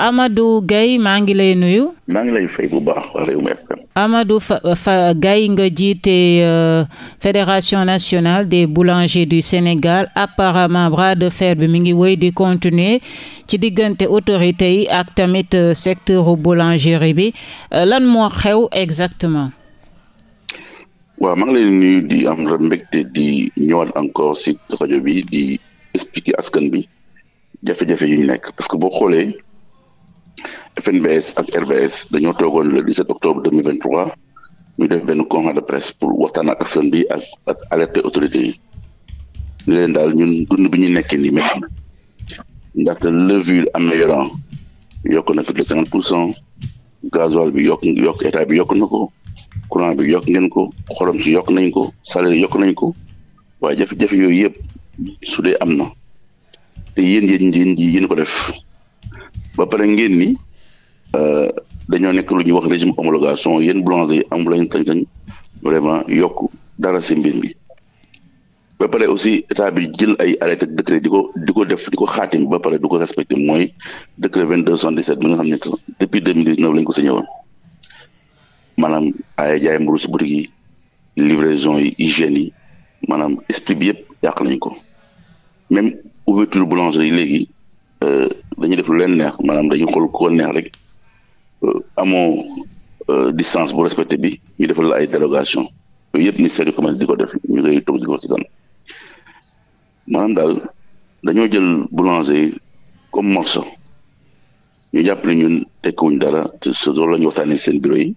Amadou Gaye maa ngi lay nuyu. maa ngi lay fay bu baax waa Rewmi FM. Amadou fa, nga jiite euh, fédération nationale des boulangers du Sénégal apparemment bras de fer bi mi ngi woy di continuer ci diggante autorités yi ak tamit euh, secteur boulangerie bi euh, lan moo xew exactement. waaw maa ngi lay nuyu di am mbégte di ñëwaat encore si rajo bi di expliquer askan bi jafe-jafe yu nekk parce que boo xoolee. FNBS ak RBS dañoo toogoon le 17 octobre 2023 ñu def benn conférence de presse pour waxtaan ak askan bi ak ak alerter autorités yi ñu leen daal ñun dund bi ñu nekkee nii métti am levure améliorant yokk na plus de cinquante pour cent gasoil bi yokk yokk état bi yokk na ko courant bi yokk ngeen ko xorom si yokk nañ ko salaire yokk nañ ko waaye jafe-jafe yooyu yëpp su am na te yéen yéen yéen yéen ko def ba pare ngeen ni Euh, dañoo nekk lu ñuy wax régime homologation yéen boulanger yi am lañ sañ-sañ vraiment yokk dara si mbir mi ba pare aussi état bi jël ay arrêté ak décret di ko di ko def di ko xaatim ba pare du ko respecté mooy décret vingt deux soixante dix sept nga xam ne depuis deux mille dix neuf lañ ko sañoon maanaam ay jaay mburu si boutique yi livraison yi hygiène yi maanaam esprit bi yëpp yàq lañ ko même ouverture boulangerie yi léegi euh, dañuy def lu leen neex maanaam dañuy xool ko neex rek amoo euh, distance bu respecté bi ñu defal la ay dérogation yooyu yëpp ni du commerce di ko def ñu koy toog di ko titan maanaam daal dañoo jël boulanger comme morso ñu jàpp ne ñun wuñ dara te la ñu waxtaanee seen bureau yi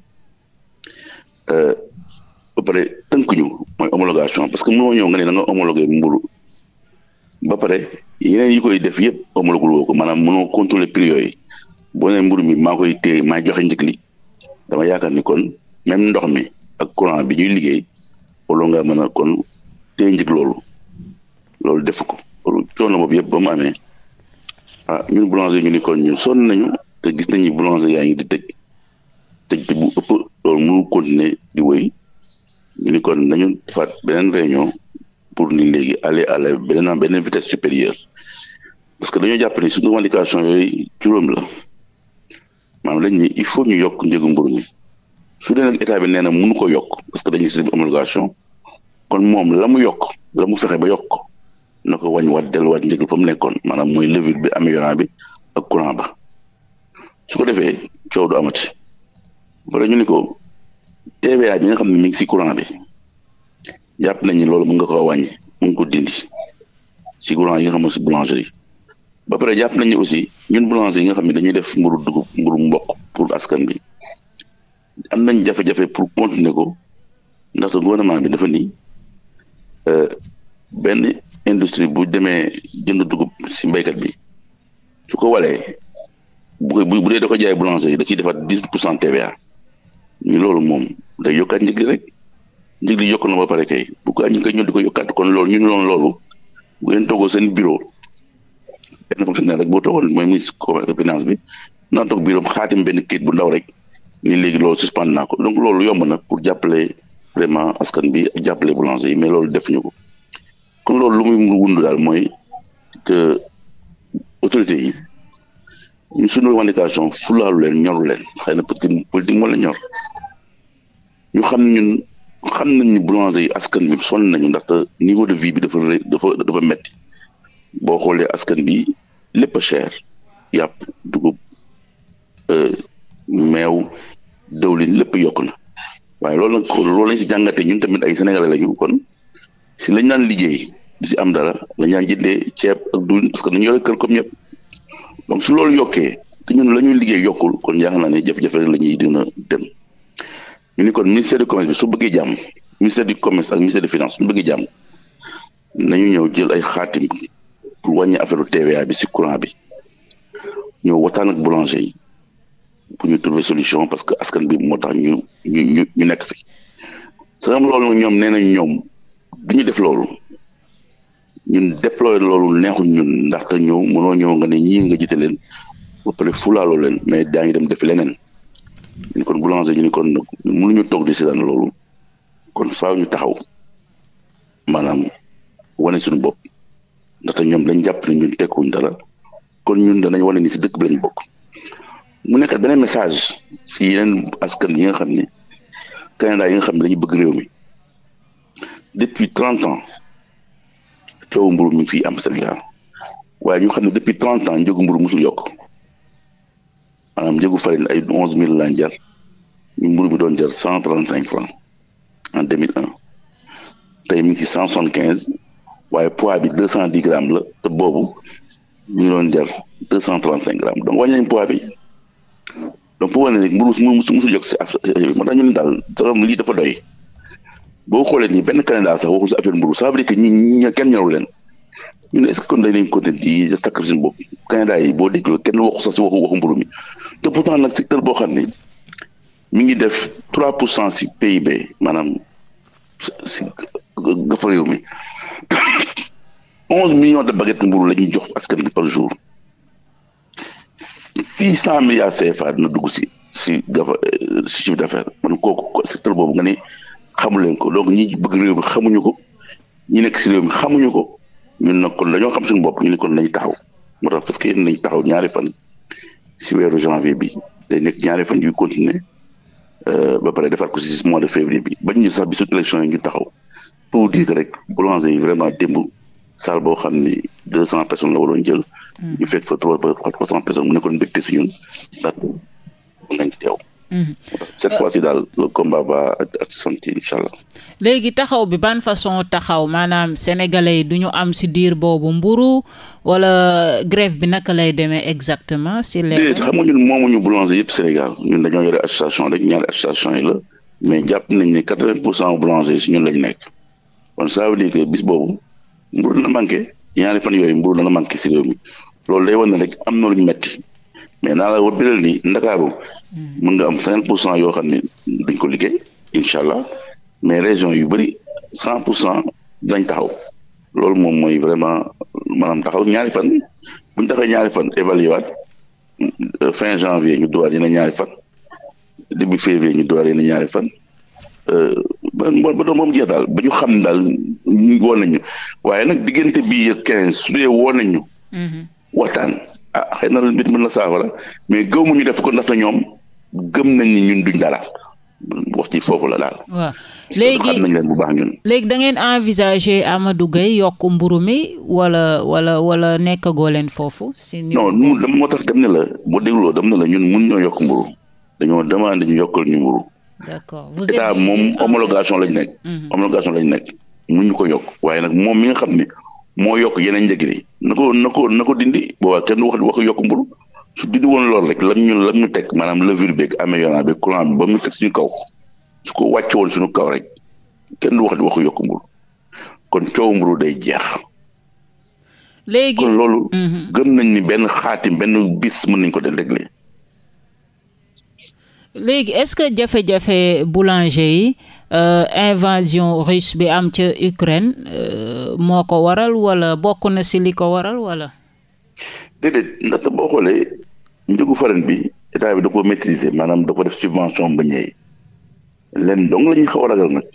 euh, ba pare tënkuñu mooy homologation parce que mënoo ñëw nga ne da nga homologué mburu ba pare yeneen yi koy def yëpp homologué woo ko maanaam mënoo contrôler prix yooyu boo nee mburu mi maa koy téye maa joxe njëkk li dama yaakaar ni kon même ndox mi ak courant bi ñuy liggéey wala nga mën a kon te njëkk loolu loolu def ko loolu coono boobu yëpp ba mu amee ah ñun boulanger ñu ni kon ñu sonn nañu te gis nañu boulanger yaa ngi di tëj tëj bi bu ëpp loolu mënu continuer di wéy ñu ni kon nañu defaat beneen réunion pour ni léegi aller à la beneen beneen vitesse supérieure parce que dañoo jàpp ni suñu revendication yooyu juróom la maanaam lañ ni il faut ñu yokk njëgu mburu mi su dee nag état bi nee na mënu ko yokk parce que dañuy système homologation kon moom la mu yokk la mu fexe ba yokk na ko wàññi waat delluwaat njëg fa mu nekkoon maanaam mooy levure bi améliorant bi ak courant ba su ko defee coow du amati wala ñu ni ko TVA bi nga xam ne mi ngi si courant bi jàpp nañu loolu mën nga ko wàññi mën nga ko dindi si courant yi nga xam ne si ba pare jàpp nañu aussi ñun boulanger yi nga xam ne dañuy def mburu dugub mburu mboq pour askan bi am nañ jafe-jafe pour continuer ko ndaxte gouvernement bi dafa ni euh, benn industrie bu demee jënd dugub si mbéykat bi su ko walee bu bu dee da ko jaay boulanger da ciy defaat dix pour cent TVA ñu loolu moom day yokkaat njëg li rek njëg li yokk na ba pare kay bu ko ñu koy ñëw di ko yokkaat kon loolu ñun loon loolu bu en toogoo seen bureau benn fonctionnaire rek boo toogoon mooy ministre finance bi naa toog biiram xaatim benn kayit bu ndaw rek ni léegi loolu suspend naa ko donc loolu yomb na pour jàppale vraiment askan bi ak jàppale boulanger yi mais loolu def ñu ko kon loolu lu muy wund daal mooy que autorités yi ñu suñu revendication fulaalu leen ñoru leen xëy na politique politique moo la ñor ñu xam ñun xam nañ ni boulanger yi askan bi sonn nañu ndaxte niveau de vie bi dafa dafa dafa metti boo xoolee askan bi lépp a cher yàpp dugub euh, meew dëwlin lépp yokk na waaye loolu nag loolu lañ si jàngatee ñun tamit ay sénégalais lañu kon si lañ daan liggéey di si am dara lañ daan jëndee ceeb ak dugub parce que dañu yore kër comme ñëpp donc su loolu yokkee te ñun la ñuy liggéey yokkul kon yaakaar naa ne jafe la ñuy dina dem ñu ni kon ministère du commerce su bëggee jàmm ministère du commerce ak ministère des finances su bëggee jàmm nañu ñëw jël ay xaatim pour wàññi affaire TVA bi si courant bi ñoo waxtaan ak boulanger pour ñu trouver solution parce que askan bi moo tax ñu ñu ñu nekk fi sagam loolu ñoom nee nañ ñoom du def loolu ñun déployer loolu neexuñ ñun ndaxte ñëw mënoo ñëw nga ne ñii nga jite leen ba pare fulaaloo leen mais daa ngi dem defi leneen ñu kon boulanger ñu ni kon mënuñu toog di seetaan loolu kon faaw ñu taxaw maanaam wane suñu bopp ndaxte ñoom dañ jàpp ne ñun tek tekkuñ dara kon ñun danañ wane ni si dëkk bi lañ bokk mu nekkat beneen message si yeneen askan yi nga xam ni Canada yi nga xam ne dañu bëgg réew mi depuis trente ans coow mburu mi ngi fii am Sénégal waaye ñu xam ne depuis trente ans njëgu mburu musul yokk maanaam njëgu farine ay onze mille lan jar ñu mburu mi doon jar cent trente cinq francs en deux mille un tey mi ngi ci cent quinze waaye pois bi deux cent dix grammes la boobu ñu ngi doon jar deux cent trente cinq grammes donc wàññi nañ poids bi donc pour wane ne rek mburu mu musu jóg si affaire bi moo tax ñu ne daal sax lii dafa doy boo xoolee nii benn candidat sax waxul si affaire mburu ça veut dire que ñi ñi kenn leen ñu ne est ce que kon dañ leen continuer di sacrifier boo déglu kenn waxu sax si waxu waxu mburu mi te pourtant nag secteur boo xam ni mi ngi def trois pour cent si PIB maanaam si nga fa réew mi onze millions de baguettes mburu la ñuy jox askan bi par jour six cent milliards CFA na dugg si si gafa euh, si chiffre d'affaires man kooku secteur boobu nga ne xamu leen ko donc ñi bëgg réew mi xamuñu ko ñi nekk si réew mi xamuñu ko ñun nag kon dañoo xam suñu bopp ñu ne kon nañ taxaw moo tax parce que yéen nañ taxaw ñaari fan si weeru janvier bi day nekk ñaari fan yu continuer euh, ba pare defar ko si mois de février bi bañ ñu sax bi suñu yi ñu taxaw pour dire que rek boulanger yi vraiment démb salle boo xam ni deux cent personnes la waroon jël. Mm. ñu fekk fa trois trois cent personnes mu nekkoon mbégte si ñun ndax mun nañ ci teew. Mm. cette euh, fois-ci daal le combat va ak santé bi ban façon taxaw maanaam sénégalais yi du ñu am si diir boobu mburu wala grève bi naka lay demee exactement. si léegi xam nga ñun moomuñu boulanger yëpp Sénégal ñun dañoo yore association rek ñaari association yi la mais jàpp nañ ne quatre-vingt pour cent boulanger si ñun lañ nekk. kon ça veut bis boobu mburu dana manqué ñaari fan yooyu mburu dana manqué si réew mi loolu day wan ne rek am na lu ñu metti mais naa la war biral ni ndakaaru mën mm. nga am cinquante pour cent yoo xam ne duñ ko liggéey incha allah mais région yu bëri cent pour cent dinañ taxaw loolu moom mooy vraiment maanaam taxaw ñaari fan buñ taxaw ñaari fan évalué waat euh, fin janvier ñu duwaat yeneen ñaari fan début février ñu duwaat yeneen ñaari fan euh, ba ba doon moom jeex daal ba ñu xam daal woon nañu waaye nag diggante bi ak quinze su dee woon nañu. Mhm. waxtaan ah xëy na loolu mbir mën na saafara mais gëw ñu def ko ndax na ñoom gëm nañ ni ñun duñ dara. wax ci foofu la daal. waaw léegi xam nañ leen bu baax ñun. léegi da ngeen envisager Amadou Gueye yokk mburu mi wala wala wala nekkagoo leen foofu. si non moo tax dem ne la boo dégloo dem na la ñun mun ñoo yokk mburu dañoo demandé ñu yokkal ñu mburu d'accord vous êtes moom mhm. homologation lañ nekk. homologation lañ nekk mu ñu ko yokk waaye nag moom mi nga xam ne moo yokk yeneen njëg yi na ko na ko na ko dindi boobaa kenn wax wax yokk mburu su dindi woon loolu rek lam ñu lam ñu teg maanaam levure beeg améliorant beeg courant bi ba mu teg suñu kaw su ko wàcce woon suñu kaw rek kenn du wax di waxu yokk mburu kon coow mburu day jeex. léegi kon loolu. Mhm. gëm nañ ni benn xaatim benn bis mën nañ ko déglee. léegi est-ce que jafe-jafe boulanger yi euh, invasion russe bi am ca Ukraine euh, moo ko waral wala bokk na si li ko waral wala. déedéet ndaxte boo xoolee njëgu farine bi état bi da ko maîtriser maanaam da ko def subvention ba ñëwee leen dong la ñuy xaw a ragal nag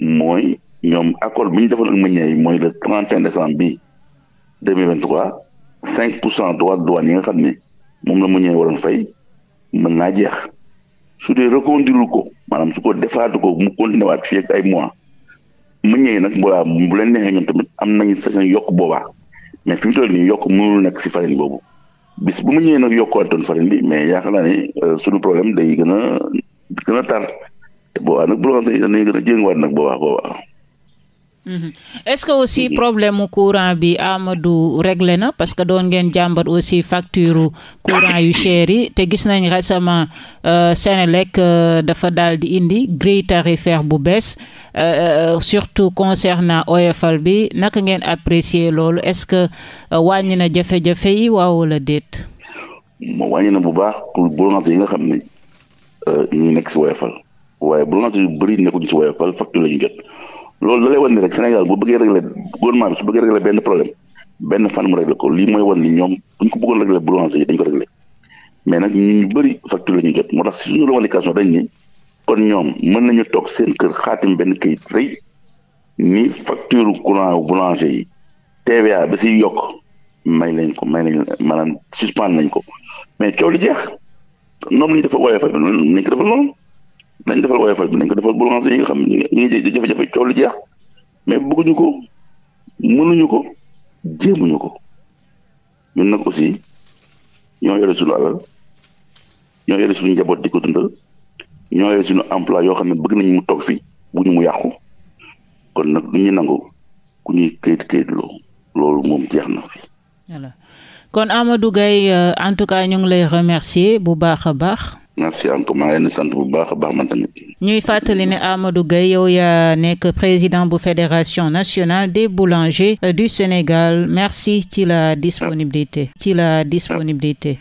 mooy ñoom accord bi ñu defoon ak yi mooy le trente et un bi deux mille vingt trois cinq pour yi nga xam ne moom la meññee waroon fay mën naa jeex. su dee reconduire ko maanaam su ko defaat ko mu continué waat fii ak ay mois mu ñëwee nag voilà bu leen neexee ñoom tamit am nañu sañ yokk boobaa mais fi mu toll nii yokk mu nekk si farine boobu bis bu mu ñëwee nag yokkuwaatoon farine bi mais yaakaar naa ne euh, suñu problème day gën a gën a tar te boobaa nag bu la waxee dañuy gën a jéngwaat nag boobaa boobaa. Mhm. est-ce que aussi problème mu courant bi Amadou réglé na parce que doon ngeen jàmbat aussi facture courant yu cher yi te gis nañ récemment euh, Sénélec euh, dafa daal di indi grille tarifaire bu bees euh, surtout concernant oyofal bi naka ngeen apprécier loolu est-ce que wàññi na jafe-jafe yi waaw wala déet. moo wàññi bu baax pour boulangers yi nga xam ne ñu nekk si oyofal waaye boulangers yu bëri nekkuñu si oyofal facture la ñu loolu da lay wan ni rek Sénégal bu bëggee régler gouvernement bi su bëggee régler benn problème benn fan mu régler ko lii mooy wan ñoom buñ ko bëggoon régler yi dañ ko régler mais nag ñu bëri facture la ñu jot moo tax si suñu revendication dañ ni kon ñoom mën nañu toog seen kër xaatim benn kayit rëy ni facture courant boulanger yi TVA ba si yokk may lañ ko may nañ maanaam suspend nañ ko mais coow li jeex noonu la ñu dafa woyee fa nañ ko defal noonu nañ defal woyofal bi nañ ko defal boulanger yi nga xam ne ñu ngi jafe-jafe coow lu jeex mais bëgguñu ko mënuñu ko jéemuñu ko ñun nag aussi ñoo yore suñu alal ñoo yore suñu njaboot di ko dundal ñoo yore suñu emploi yoo xam ne bëgg nañu mu toog fi bu ñu mu yàqu kon nag du ñu nangu ku ñuy kayit kayit loo loolu moom jeex na fi. voilà kon Amadou Gaye euh, en tout cas ñu ngi lay remercier bu baax a baax. merci encore maa ngi leen di sant bu baax a baax man tamit. ñuy fàttali ne Amadou Gueye yow yaa nekk président bu fédération nationale des boulangers du Sénégal merci ci la disponibilité. ci la disponibilité.